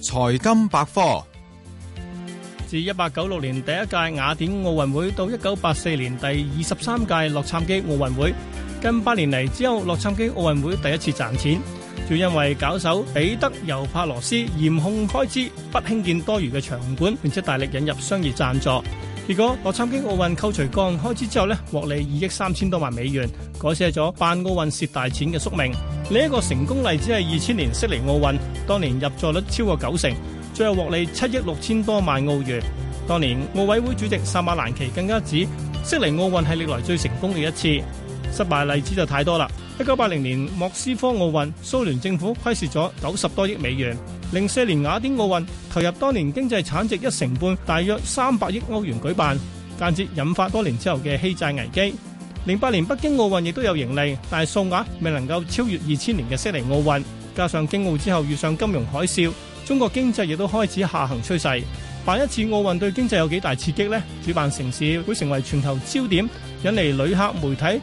財金百科，自一八九六年第一屆雅典奧運會到一九八四年第二十三屆洛杉磯奧運會，近百年嚟，只有洛杉磯奧運會第一次賺錢，就因為搞手彼得尤伯羅思嚴控開支，不興建多餘嘅場館，並且大力引入商業贊助。結果洛杉磯奧運扣除各項開支之後呢，獲利二億三千多萬美元，改寫咗辦奧運蝕大錢嘅宿命。另一個成功例子係二千年悉尼奧運，當年入座率超過九成，最後獲利七億六千多萬澳元。當年奧委會主席薩馬蘭奇更加指，悉尼奧運係歷來最成功嘅一次。失敗例子就太多啦。一九八零年莫斯科奧運，蘇聯政府虧蝕咗九十多億美元。零四年雅典奧運投入當年經濟產值一成半，大約三百億歐元舉辦，間接引發多年之後嘅希債危機。零八年北京奧運亦都有盈利，但係數額未能夠超越二千年嘅悉尼奧運。加上京奧之後遇上金融海嘯，中國經濟亦都開始下行趨勢。辦一次奧運對經濟有幾大刺激呢？主辦城市會成為全球焦點，引嚟旅客、媒體。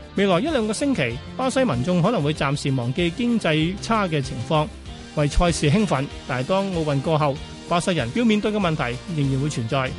未來一兩個星期，巴西民眾可能會暫時忘記經濟差嘅情況，為賽事興奮。但係當奧運過後，巴西人要面對嘅問題仍然會存在。